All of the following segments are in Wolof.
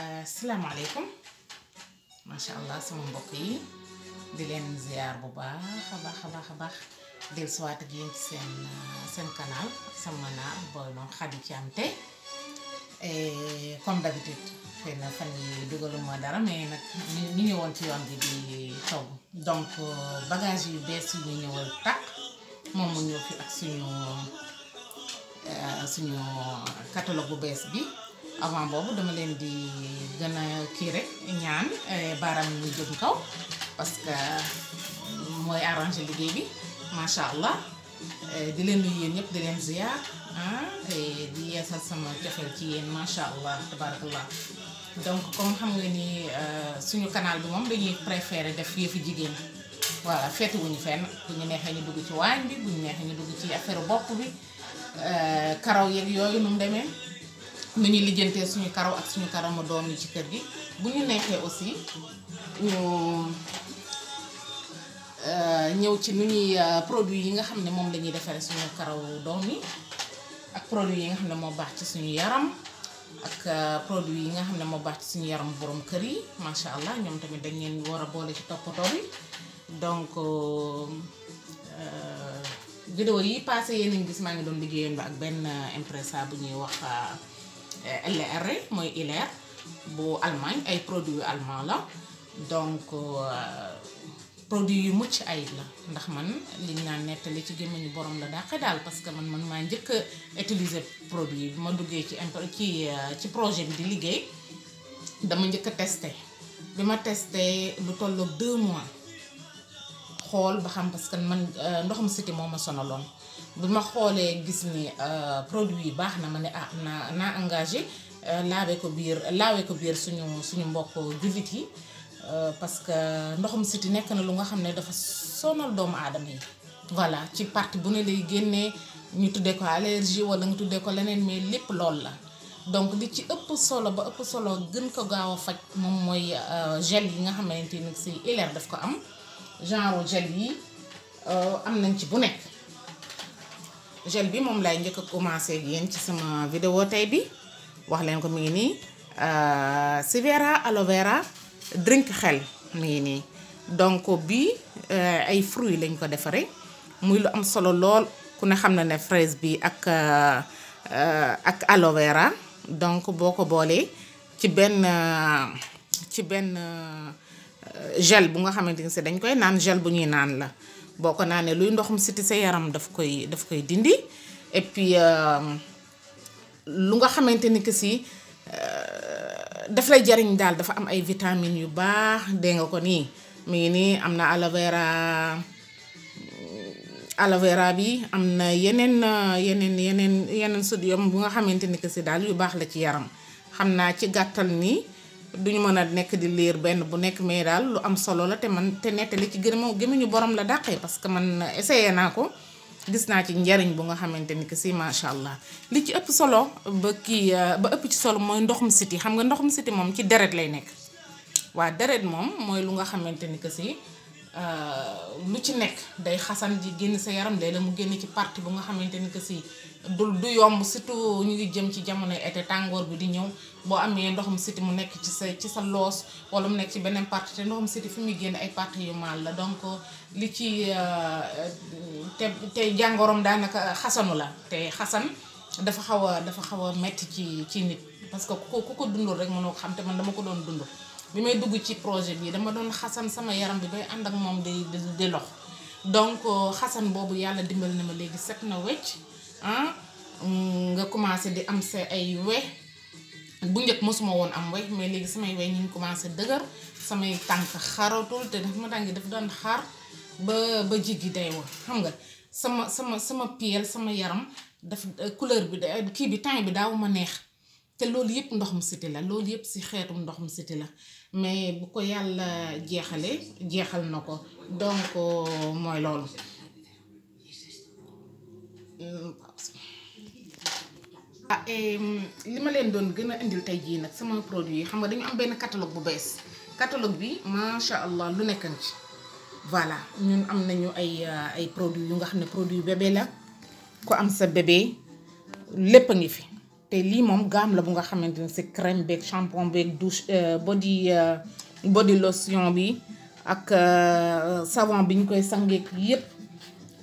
Euh, salaamaaleykum macha allah sama mbokk yi di leen ziar bu baax a baax a baax a baax del suwaat ak yéen ci seen euh, seen canal sama naa booy noonu Khady Thiam tey comme d'habitude xëy na fan yi dugaluma dara mais nag ñu ngi woon ci yoon bi di togg donc euh, bagage yu bees yu ñu ñëwal tàkk moom mu ñëw fi ak suñu suñu catalogue bu bees bi avant boobu dama leen di gën a kii rek ñaan eh, baaraam yi muy jëm kaw parce que mooy arrangé liggéey bi macha allah eh, di leen nuyu yéen ñëpp di leen ziar ah, di yeesal sama joxeel ci yéen macha allah tabarakallah donc comme xam nga ni eh, suñu kanaal bi moom dañuy préféré def yëfu jigéen voilà feete wuñu fenn bu ñu neexee ñu dugg ci waañ bi bu ñu neexee ñu dugg ci affaire bopp bi karaw yeeg yooyu nu mu demee. nu ñuy suñu karaw ak suñu karamu doom yi ci kër gi bu ñu neexee aussi ñu euh, ñëw ci nu ñuy euh, produit yi nga xam ne moom la defaree suñu karaw doom yi ak produit yi nga xam ne moo baax ci suñu yaram ak euh, produit yi nga xam ne moo baax ci suñu yaram borom kër yi macha allah ñoom tamit dañ leen war a boole ci toppatoo bi donc vidéo yi passé yéen a ngi gis maa ngi doon liggéeyam ak benn impresa bu ñuy wax. LR moy ILR bu Allemagne ay produits allemand la donc euh, produit yu mucc ay la ndax man li ñu naan nettali ci gémmiñu borom la dàqe dal parce que man man ma njëkk utiliser produit bi ma duggee ci ci euh, ci projet bi di liggéey dama njëkk tester bima tester lu tolloog 2 mois xol ba xam parce que man euh, ndoxum city moma ma bu ma xoolee gis ni euh, produit yi baax na ma ne ah naa naa engagé euh, laawee ko biir laawee ko biir suñu suñu mbokk jullit yi euh, parce que ndoxum siti nekk na lu nga xam ne dafa sonal doomu aadama yi voilà ci parti bu ne lay génnee ñu tuddee ko allergie wala nga tuddee ko leneen mais lépp lool la donc li ci ëpp solo ba ëpp solo gën ko gaaw a faj moom mooy gel yi nga xamante ni si ileer daf ko am genre gel yi am nañ ci bu nekk gel bi moom laay njëkk a commencé ak yéen ci sama vidéo tey bi wax leen ko mi ngi nii euh, sivera aloe vera drink xel mi ngi nii donc bii euh, ay fruits lañ ko defaree muy lu am solo lool ku ne xam na ne fraise bi ak euh, ak aloe vera donc boo ko boolee ci benn ci benn gel bu nga xamante ne si dañ koy naan gel bu ñuy naan la boo ko naanee luy ndoxum siti sa yaram daf koy daf koy dindi et puis euh, lu nga xamante ni que si euh, daf lay jariñ daal dafa am ay vitamines yu baax dégg nga ko nii mu ngi nii am na aloe vera mm, aloe bi am na yeneen euh, yeneen yeneen yeneen sodium bu nga xamante ni que si daal yu baax la ci yaram xam naa ci gàttal nii duñu mëna nek di lire benn bu nek mais dal lu am solo la té man te nettali ci gën a gëmuñu borom la daqé parce que man essayé naa ko gis na ci njariñ bu nga xamante ni que si sha allah li ci ëpp solo ba ki ba ëpp ci solo moy ndoxum city xam nga ndoxum city mom ci dérèt lay nek wa dérèt mom moy lu nga xamante ni que si euh, lu ci nek day xassan ji génn sa yaram la mu génn ci parti bu nga que si du du yomb surtout ñu ngi jëm ci jamono été tàngoor bi di ñëw boo amee ndoxum siti mu nekk ci sa ci sa loos wala mu nekk ci beneen partie te ndoxum siti fi muy génn ay partie yu la donc li ci euh, te te jàngoroom daanaka xasanu la te xasan dafa xaw a dafa xaw a metti ci ci nit parce que ku ko dundul rek mënoo ko xam te man dama ko doon dund dugg ci projet bi dama doon xasan sama yaram bi bay ànd ak moom de di lox donc xasan boobu yàlla dimbal na ma léegi set na wecc ah mm, nga commencé di am sa ay we bu njëkk mosuma woon am we mais léegi samay we ñu ngi commencé dëgër samay tànk xaratul te dafa ma tànk daf doon xar ba ba jiggi day wax xam nga sama sama sama piel sama yaram daf couleur bi kii bi temps bi daaw ma neex te loolu yëpp ndox mu siti la loolu yëpp si xeetum ndox mu siti la mais bu ko yàlla jeexale jeexal na ko donc mooy loolu ah li ma leen doon gën a indil tey jii nag sama produit yi xam nga dañu am benn catalogue bu bees catalogue bi macha allah lu nekkan ci voilà ñun am nañu ay ah, ay produits yu nga xam ne produit bébé la ku am sa bébé lépp a ngi fi te lii moom gaam la bu nga xamante ne c'est crème beeg shampoing beeg douche euh, body euh, body lotion bi ak euh, savon bi ñu koy sangeek yépp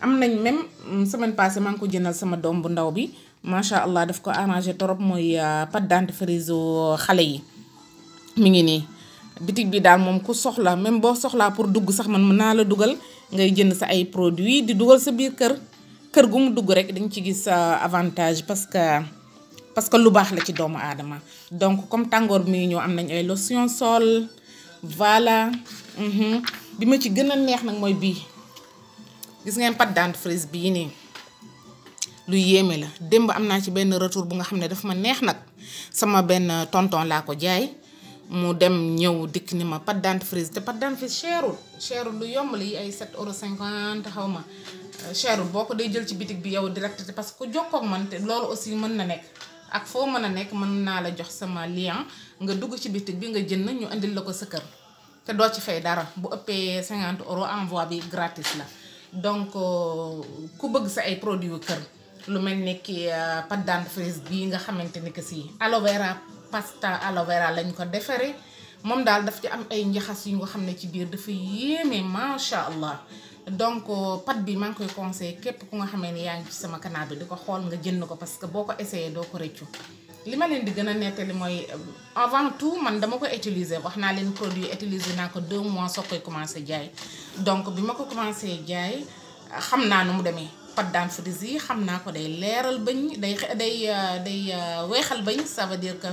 am nañ même mm, semaine passée man ko jëndal sama dom bu ndaw bi allah daf ko arrangé trop mooy euh, pâte dentifrice xalé yi mi ngi ni bitig bi dal mom ku soxla même bo soxla pour dugg sax man mën la dugal ngay jënd sa ay produits di dugal sa biir kër kër gum dugg rek dañ ci gis euh, avantage parce que parce que lu bax la ci doomu adama donc comme tangor mi ñu am nañ ay lotion sol voilà mhm. bi bima ci gëna neex nak moy bi gis ngeen pâte dentifrice bii nii lu yéeme la démb am naa ci benn retour bu nga xam ne daf ma neex nag sama benn tonton laa ko jaay mu dem ñëw dikk ni ma pâte dentifrice te pâte dentifrice cherul cherul lu yomb la yi ay 7 euro 50 xaw ma euh, cherul boo ko day jël ci bitig bi yow direct parce que ku jokkoog man te loolu aussi mën na nekk ak foo mën a nekk mën naa la jox sama lien nga dugg ci bitig bi nga jënd ñu indil la ko sa kër te doo ci fay dara bu ëppee 50 euro envoi bi gratis la donc euh, ku bëgg sa ay produits kër lu mel ni ki euh, pâte dentifrice bii nga xamante ni que si aloe vera pasta aloe vera lañ ko defaree moom daal daf ci am ay njaxas yu nga xam ne ci biir dafa yéeme macha allah donc euh, pâte bi maa koy conseillé képp ku nga xamee ni yaa ngi ci sama canal bi di ko xool nga jënd ko parce que boo ko essayé doo ko rëccu. li ma leen di gën a nettali mooy euh, avant tout man dama ko utiliser wax naa leen produit utiliser naa ko deux mois soo koy commencé jaay donc bi ma ko commencé jaay xam naa nu mu demee pâte dentifrice yi xam naa ko day leeral bañ day day euh, day euh, weexal bañ ça veut dire que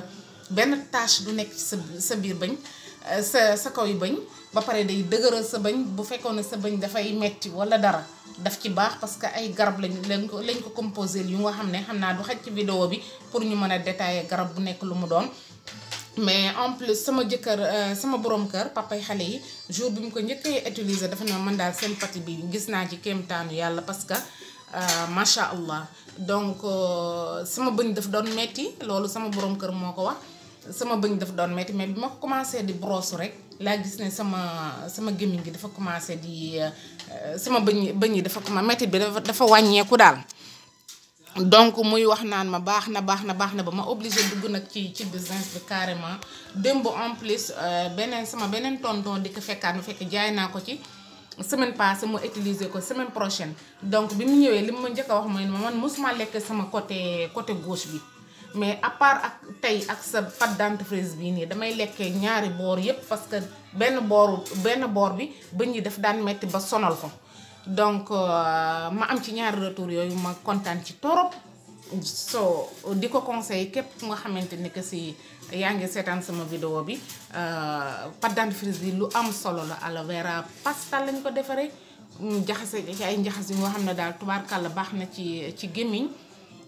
benn tâche du nekk ci sa sa biir bañ sa sa kaw yi bañ ba pare day dëgëral sa bañ bu fekkoon ne sa bañ dafay metti wala dara daf ci baax parce que ay garab lañ lañ ko lañ composé yu nga xam ne xam naa du xaj ci vidéo bi pour ñu mën a détailler garab bu nekk lu mu doon mais en plus sama jëkkër euh, sama borom kër papay xale yi jour bi mu ko njëkkee utiliser dafa ne man daal seen pati bi gis naa ci kéemtaanu yàlla parce que euh, macha allah donc euh, sama bëñ daf doon metti loolu sama borom kër moo ko wax sama bëñ daf doon metti mais bi ma ko commencé di brosse rek laa gis ne sama sama gémmiñ gi dafa commencé di Euh, sama bëñ bëñ yi dafa ko ma métit bi dafa dafa wàññeeku daal donc muy wax naan ma baax na baax na baax na ba ma obligé dugg nag ci ci business bi carrément démb en plus euh, beneen sama beneen tonton di ko fekkaat mu fekk jaay naa ko ci semaine passée mu utiliser ko semaine prochaine donc bi mu ñëwee li mu ma njëkk a wax mooy man suma lekk sama côté côté gos bi mais à part ak tey ak sa pâte dentifrice bii nii damay lekkee ñaari boor yépp parce que benn boor benn boor bi bëñ yi daf daan metti ba sonal ko donc euh, ma am ci ñaari retour yooyu ma kontaan ci torop so di ko conseil képp ku nga xamante ni que si yaa ngi seetaan sama vidéo bi euh, pâte dentifrice bi lu am solo la aloe vera pasta lañ ko defaree jaxase ci ay njaxas yi nga xam ne daal kàll baax na ci ci gémmiñ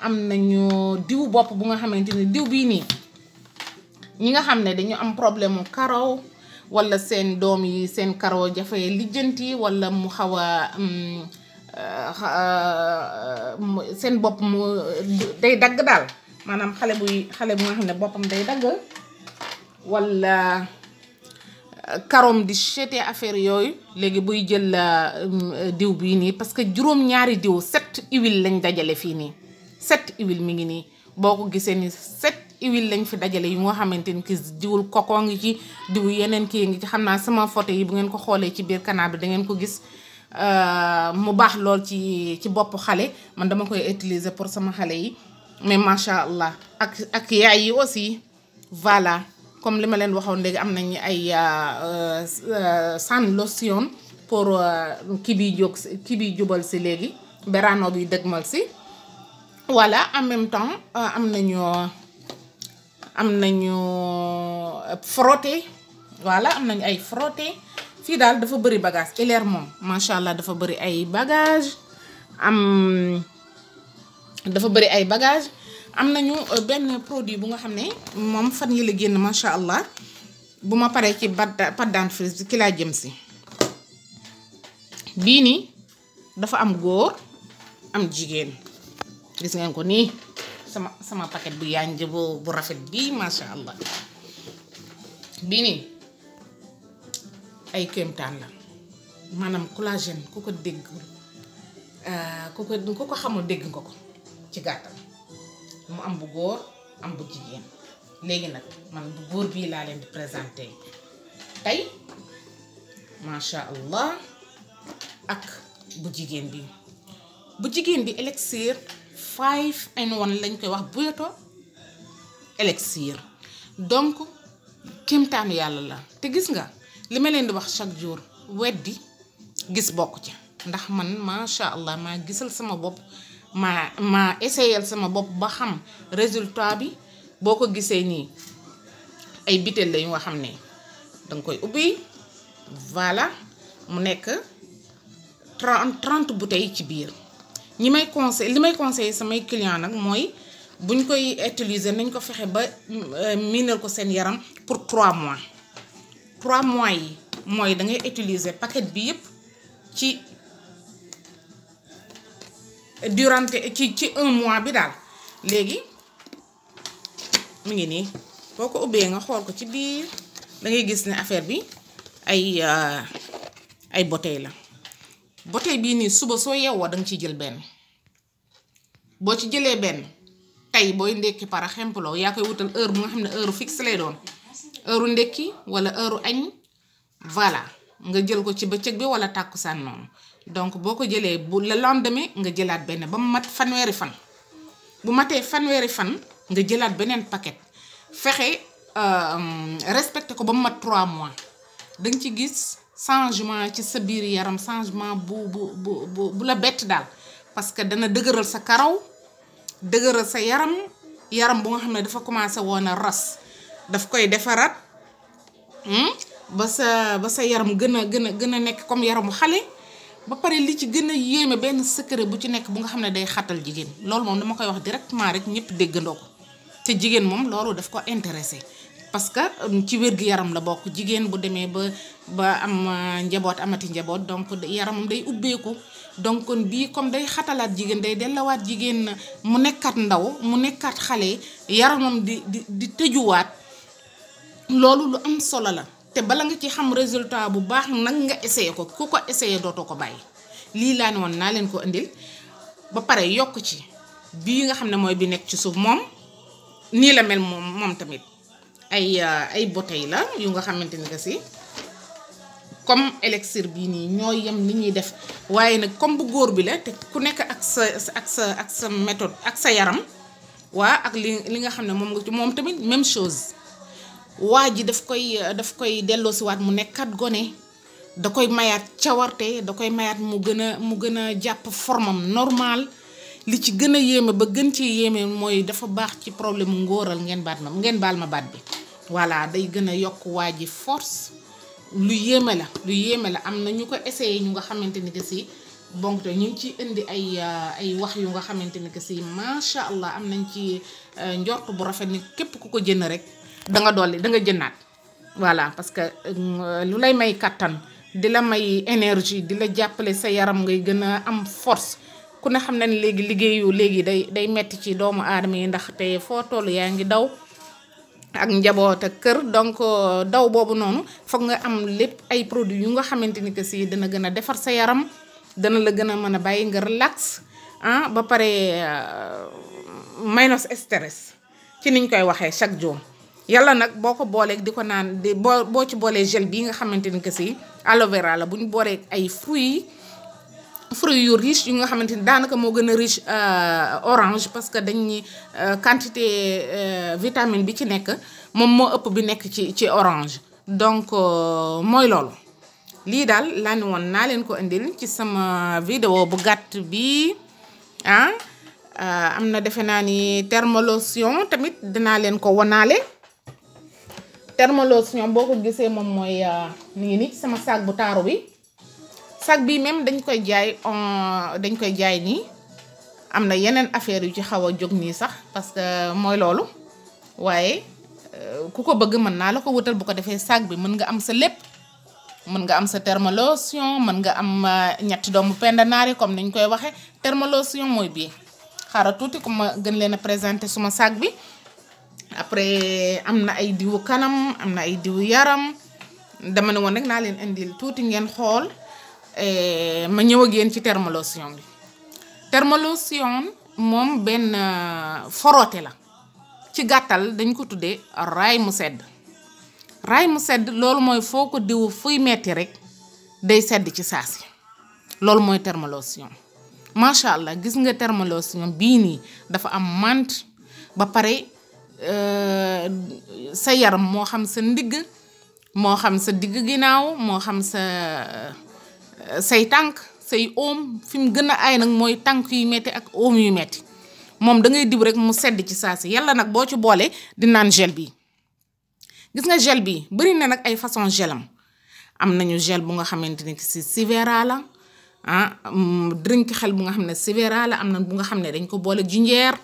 am nañu diw bopp bu nga xamante ni diw bii nii ñi nga xam ne dañu am problème mu karaw wala seen doom yi seen karaw jafe lijjanti walla mu xaw a mm, euh, euh, seen bopp mu day dagg daal maanaam xale buy xale bu nga xam ne boppam day dagg wala euh, karoom di cheté affaire yooyu léegi buy jël diw bii nii parce que juróom-ñaari diw sept huile lañ dajale fii nii sept huile mi ngi nii boo ko gisee ni sept huile lañ fi dajale yi nga xamante ni ki diwul koko ngi ci diwu yeneen kii ngi ci xam naa sama photo yi bu ngeen ko xoolee ci biir canal bi da ngeen ko gis euh, mu baax lool ci ci bopp xale man dama koy utiliser pour sama xale yi mais macha allah ak ak yaay yi aussi voilà comme li ma leen waxoon léegi am nañu ay euh, euh, san lotion pour ki bi jóg ki bi jubal si léegi berano bi dëgmal si voilà en même temps am euh, nañoo am nañu euh, frotté voilà am nañu ay frotté fii daal dafa bëri bagage ileer moom macha allah dafa bëri ay bagage am dafa bëri ay bagage am nañu euh, benn produit bu nga xam ne moom fan yi génn macha allah bu ma paree ci pâte dentifrice bi ki laa jëm si bii nii dafa am góor am jigéen gis ngeen ko nii sama sama paquet bu yànj bu bu rafet bii macha allah bii nii ay kéemtaan la maanaam collagène ku ko dégg euh, ku ko ku ko xamul dégg nga ko ci gàttal mu am bu góor am bu jigéen léegi nag man bu góor bii laa leen di présenté tey macha allah ak bu jigéen bi bu jigéen bi élixir five in one lañ koy wax buyeto élixir donc kéemtaanu yàlla la te gis nga li ma leen di wax chaque jour weddi gis bokk ci ndax man macha allah maa gisal sama bopp maa maa eseyal sama bopp ba xam résultat bi boo ko gisee nii ay bitel la yoo xam ne danga koy ubbi voilà mu nekk 30 30 bouteilles ci biir. ñi may conseil li may conseillé samay client nag mooy buñ koy utiliser nañ ko fexe ba euh, miinal ko seen yaram pour 3 mois 3 mois yi mooy da ngay utiliser paquet bi yëpp ci durant ci ci un mois bi daal léegi mu ngi nii boo ko ubbee nga xool ko ci biir da ngay gis ne affaire bi ay euh, ay bouteille la ba tey bii nii suba soo yeewoo danga ciy jël benn boo ci jëlee benn tey booy ndekki par exemple yaa koy wutal heure bu nga xam ne heure fixe lay doon heure ndekki wala heure añ voilà nga jël ko ci bëccëg bi wala tàkkusaan noonu donc boo ko jëlee bu le lendemain nga jëlaat benn ba mu mat fanweeri fan bu matee fanweeri fan nga jëlaat beneen paquet fexe euh, respecté ko ba mu mat 3 mois danga ci gis. changement ci sa biir yaram changement bu bu bu bu la bett daal parce que dana dëgëral sa karaw dëgëral sa yaram yaram bu nga xam ne dafa commencé woon a ras daf koy defaraat hmm, ba sa ba sa yaram gën a gën a gën a nekk comme yaramu xale ba pare li ci gën a yéeme benn secret bu ci nekk bu nga xam ne day xatal jigéen loolu moom dama koy wax directement rek ñëpp déggandoo ko te jigéen moom loolu daf ko intéressé parce que euh, ci wér-gu-yaram la bokk jigéen bu demee ba ba am euh, njaboot amati njaboot donc yaramam day ubbeeku donc kon bii comme day xatalaat jigéen day dellawaat jigéen na mu nekkaat ndaw mu nekkaat xale yaramam di di di tëjuwaat loolu lu am solo la te bala nga ci xam résultat bu baax nag nga essayé ko ku ko essayé dootoo ko bàyyi lii laa ne woon naa leen ko indil ba pare yokk ci bii nga xam ne mooy bi nekk ci suuf moom nii la mel moom moom tamit ay euh, ay bouteille la yu nga xamante ni que si comme élixir bii nii ñoo yem li ñuy def waaye nag comme bu góor bi la te ku nekk ak sa ak sa ak sa méthode ak sa yaram waa ak li li nga xam ne moom nga ci moom tamit même chose waa ji daf koy daf koy delloosiwaat mu nekkat gone da koy mayaat cawarte da koy mayaat mu gën a mu gën a jàpp formam normal li ci gën a yéeme ba gën ci yéeme mooy dafa baax ci problème mu ngóoral ngeen baat ma ngeen baal ma baat bi voilà day gën a yokk waa ji force lu yéeme la lu yéeme la am na ñu ko essayé ñu nga xamante ni que bonk ñu ngi indi ay euh, ay wax yu nga xamante ni que macha allah am nañ ci euh, njort bu rafet ni képp ku ko jënd rek da nga dolli da nga jënnaat voilà parce que euh, lu lay may kattan di la may énergie di la jàppale sa yaram ngay gën a am force ku ne xam na ne léegi liggéeyu léegi day day metti ci doomu aadama yi ndax te foo toll yaa ngi daw ak njaboot ak kër donc euh, daw boobu noonu foog nga am lépp ay produits yu nga xamante ni que si dana gën a defar sa yaram dana la gën a mën a bàyyi nga relax ah ba pare euh, minus stress ci niñ koy waxee chaque jour. yalla nag boo ko booleeg di ko naan di boo boo ci boolee gel bii nga xamante ni que si aloe vera la bu ñu booleeg ay fruits fruits yu riche yu nga xamante ni daanaka moo gën a riche euh, orange parce que dañuy euh, quantité euh, vitamine bi ci nekk moom moo ëpp bi nekk ci ci orange donc mooy loolu lii daal laa ni woon naa leen ko indil ci sama vidéo bu gàtt bi ah am na defe naa ni thermolotion tamit dinaa leen ko wanaale thermolotion boo ko gisee moom mooy ni ngi ni sama saak bu taaru bi sac bii même dañ koy jaay on dañ koy jaay nii am na yeneen affaire yu ci xaw a jóg nii sax parce que mooy loolu waaye euh, ku ko bëgg mën naa la ko wutal bu ko defee saag bi mën nga am sa lépp mën nga am sa thermolotion mën nga am euh, ñetti doomu pendanaari comme dañ koy waxee thermolotion mooy bii xaaral tuuti ku ma gën leen a présenter suma saag bi après am na ay diwu kanam am na ay diwu yaram dama ne woon rek naa leen indil tuuti ngeen xool Eh, ma ñëw ak yéen ci thermolotion bi thermolotion moom benn euh, foroote la ci gàttal dañ ko tuddee raay mu sedd raay mu sedd loolu mooy foo ko diw fuy metti rek day sedd ci si loolu mooy thermolotion macha allah gis nga thermolotion bii nii dafa am mante ba pare euh, sa yaram moo xam sa ndigg moo xam sa digg ginnaaw moo xam sa say tànk say oom fi mu gën a aay nag mooy tànk yu metti ak oom yu metti moom da ngay diw rek mu sedd ci saa si yàlla nag boo ci boolee di naan gel bi gis nga gel bi bëri na nag ay façon gelam am nañu gel bu nga xamante ne si sivera ah mm, drink xel bu nga xam ne sivera am na bu nga xam ne dañ ko boole jinjeer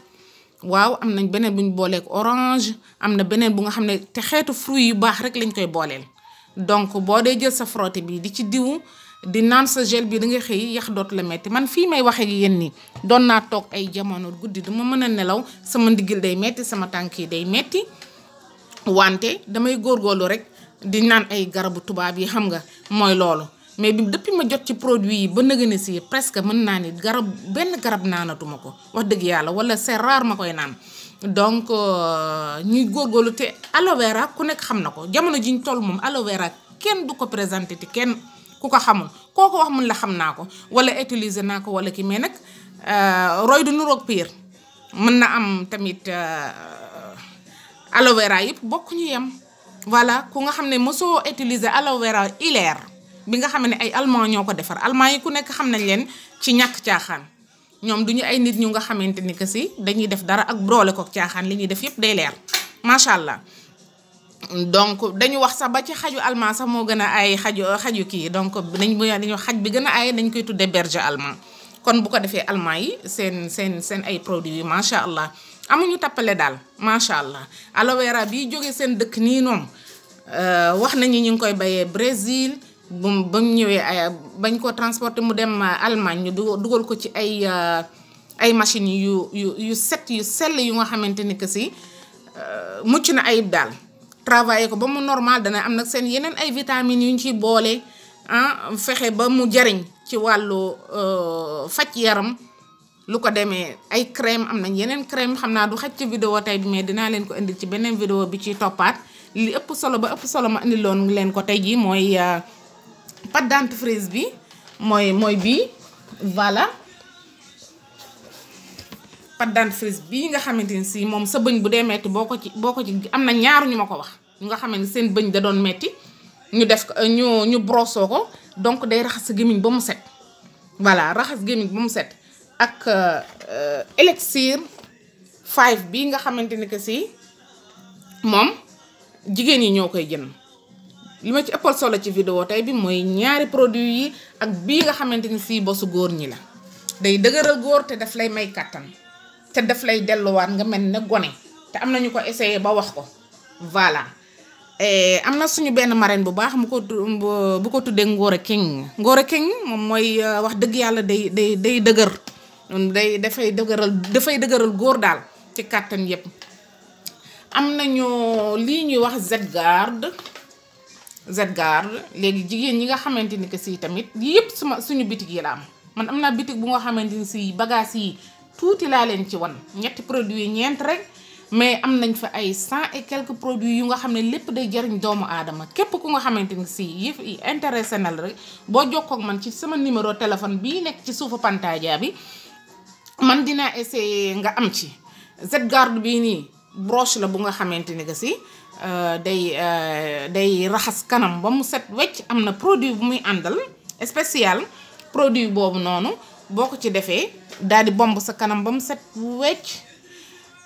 waaw am nañ beneen bu ñu booleeg orange am na beneen bu nga xam ne te xeetu fruit yu baax rek lañ koy booleel donc boo dee jël sa frotté bi di ci diw di naan sa gel bi da nga xëy yax doot la metti man fii may waxee ak yéen nii doon naa toog ay jamono guddi du ma mën a nelaw sama ndigal day metti sama tànk yi day metti wante damay góor góorlu rek di naan ay garabu tubaab yi xam nga mooy loolu mais bi depuis ma jot ci produit yi ba nëgëne si presque mën naa ni garab benn garab naanatuma ko wax dëgg yàlla wala c'est rare ma koy naan donc euh, ñuy góorgóorlu te aloe vera ku nekk xam na ko jamono ji ñu moom aloe vera ku ko xamul koo ko wax mun la xam naa ko wala utiliser naa ko wala kii mais nag euh, roy du nuroog piir mën na am tamit euh, aloe vera yëpp bokkuñu yem voilà ku nga xam ne mosoo utiliser aloe vera hilaire bi nga xam ne ay allemand ñoo ko defar allemand yi ku nekk xam nañ leen ci ñàkk caaxaan ñoom duñu ay nit ñu nga xamante ni que si dañuy def dara ak broole ko caaxaan li ñuy def yëpp day leer macha allah. donc dañu wax sax ba ci xaju allemand sax moo gën a ay xaju xaju kii donc nañ dañu xaj bi gën a ay dañ koy tuddee berger allemand kon bu ko defee allemand yi seen seen seen ay produits yi macha allah amuñu tappale daal macha allah aloe vera bi seen dëkk nii noom euh, wax nañu ñu ngi koy bayee Brésil bu ba ñëwee ay bañ ko transporter mu dem euh, Allemagne ñu dugal ko ci ay euh, ay machines yu yu yu set yu sell yu nga xamante ni que si mucc na ayib daal travailler ko ba mu normal dana am nag seen yeneen ay vitamines yu ñu ci boole ah, fexe ba mu jariñ ci wàllu euh, faj yaram lu ko demee ay crème am nañ yeneen crème xam naa du xaj ci vidéo tey bi mais dinaa leen ko indil ci beneen vidéo bi ci toppaat li ëpp solo ba ëpp solo ma indiloon leen ko tey jii mooy euh, pâte dentifrice bi mooy mooy bii voilà pâte dentifrice bii nga xamante ni si moom sa bëñ bu dee metti boo ko ci boo ko ci am na ñaaru ñu ma ko wax ñu nga xamante ni seen bëñ da doon metti ñu def ko ñu ñu brossoo ko donc day sa gémmiñ ba mu set voilà raxas gémmiñ ba mu set ak euh, euh, élixir 5 bii nga xamante ni que si moom jigéen yi ñoo koy jënd li ma ci ëppal solo ci video tey bi mooy ñaari produit yi ak bii nga xamante ni si bosu góor ñi la day dëgëral góor te daf lay may kàttan te daf lay delluwaat nga mel ne gone te am na ñu ko essayé ba wax ko voilà. Eh, am na suñu benn marraine bu baax mu ko bu ko tuddee Ngora ngoor a King moom mooy euh, wax dëgg yàlla day day day dëgër day dafay dëgëral dafay dëgëral góor daal ci kàttan yépp am nañu lii ñuy wax Z-Guard Z-Guard léegi jigéen ñi nga xamante ni que si tamit yépp suma suñu bitik yi la am man am naa bitig bu nga xamante si bagage yi tuuti laa leen ci wan ñetti produits ñeent rek mais am nañ fa ay cent et quelques produits yu nga xam ne lépp day jariñ doomu aadama képp ku nga xamante ni si yëf yi intéressé rek boo jokkoo man ci sama numéro téléphone bii nekk ci suufu pantaaja bi man dinaa essayer nga am ci Z Garde bi nii broche la bu nga xamante ni que si euh, day euh, day raxas kanam ba mu set wecc am na produit bu muy àndal spécial produit boobu noonu boo ko ci defee daal di bomb sa kanam ba mu set wecc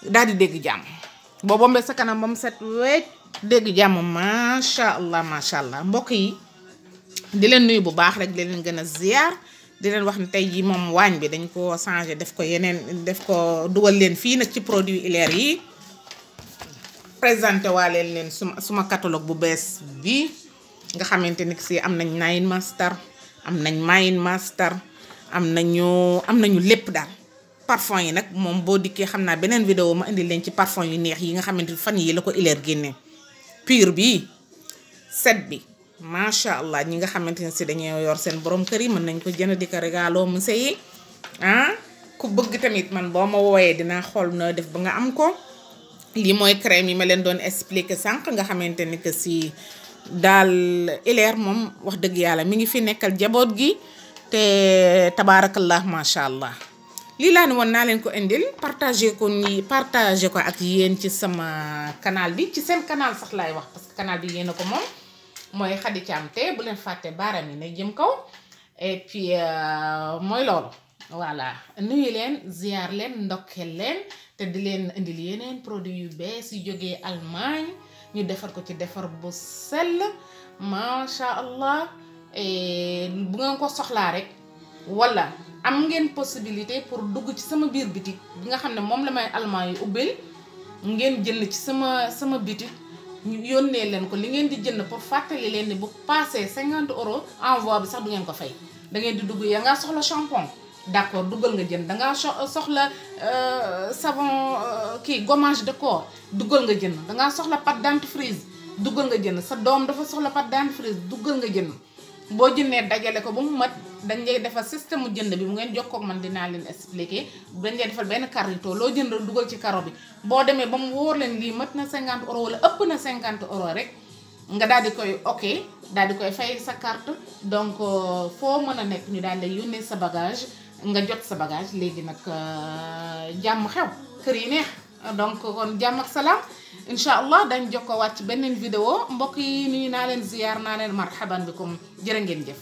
daal di dégg jàmm boo bombee sa kanam ba mu set wecc dégg jàmm macha allah macha allah mbokk yi di leen nuyu bu baax rek di leen gën a ziar di leen wax ne tey jii moom waañ bi dañ ko changé def ko yeneen def ko duwal leen fii nag ci produit ileer yi présenté waa leen leen suma suma catalogue bu bees bi nga xamante ni si am nañ nine master am nañ mine master am nañu am nañu lépp daal parfum yi nak mom bo diké xamna benen vidéo ma andi len ci parfum yu neex yi nga xamanteni fan yi lako guéné pure bi set bi sha allah ñi nga xamanteni ci dañé yor sen borom kër yi mën nañ ko jëna di ko monsieur yi ah ku bëgg tamit man bo ma woyé dina xol noo def ba nga am ko li moy crème yi ma len doon expliquer sank nga xamanteni si dal mom wax deug yalla mi ngi fi nekkal jabot gi te tabaarakallah macha allah lii laa ne woon naa leen ko indil partagé ko nii partagé ko ak yéen ci sama kanaal bi ci seen canal sax laay wax parce que canal bi yéen ko moom mooy Khady Thiam Té bu leen fàtte baaraam yi na jëm kaw et puis euh, mooy loolu voilà nuyu leen ziar leen ndokkeel leen te di leen indil yeneen produits yu bees yu jógee Allemagne ñu defar ko ci defar bu sell macha allah. Eh, bu ngeen ko soxlaa rek wala am ngeen possibilité pour dugg ci sama biir bitik bi nga xam ne moom la may allemand yi ubbil ngeen jënd ci sama sama bitik ñu yónnee leen ko li ngeen di jënd pour fàttali leen ni bu passé cinquante euros envoi bi sax du ngeen ko fay da ngeen di dugg yaa ngaa soxla shampoing d'accord duggal nga jënd dangaa soxla euh, savon euh, kii gommage de corps duggal nga jënd dangaa soxla pâte dentifrice duggal nga jënd sa doom dafa soxla pâte dentifrice duggal nga jënd boo jëndee dajale ko ba mu mat dañ lay defal système mu jënd bi mu ngeen jox ko man dinaa leen expliquer dañ lay defal benn carrito loo jënd dugal ci karo bi boo demee ba mu wóor leen lii mat na 50 euros wala ëpp na 50 euros rek nga daal di koy ok daal di koy fay sa kart donc euh, foo mën a nekk ñu daal di yónnee sa bagage nga jot sa bagage léegi nag euh, jàmm xew kër yi neex donc kon jàmm ak salaam. incha allah dañ jokkoowaat ci beneen vidéo mbokk yi nuyu naa leen ziyaar naa leen marhaban bikum jërë ngeen jëf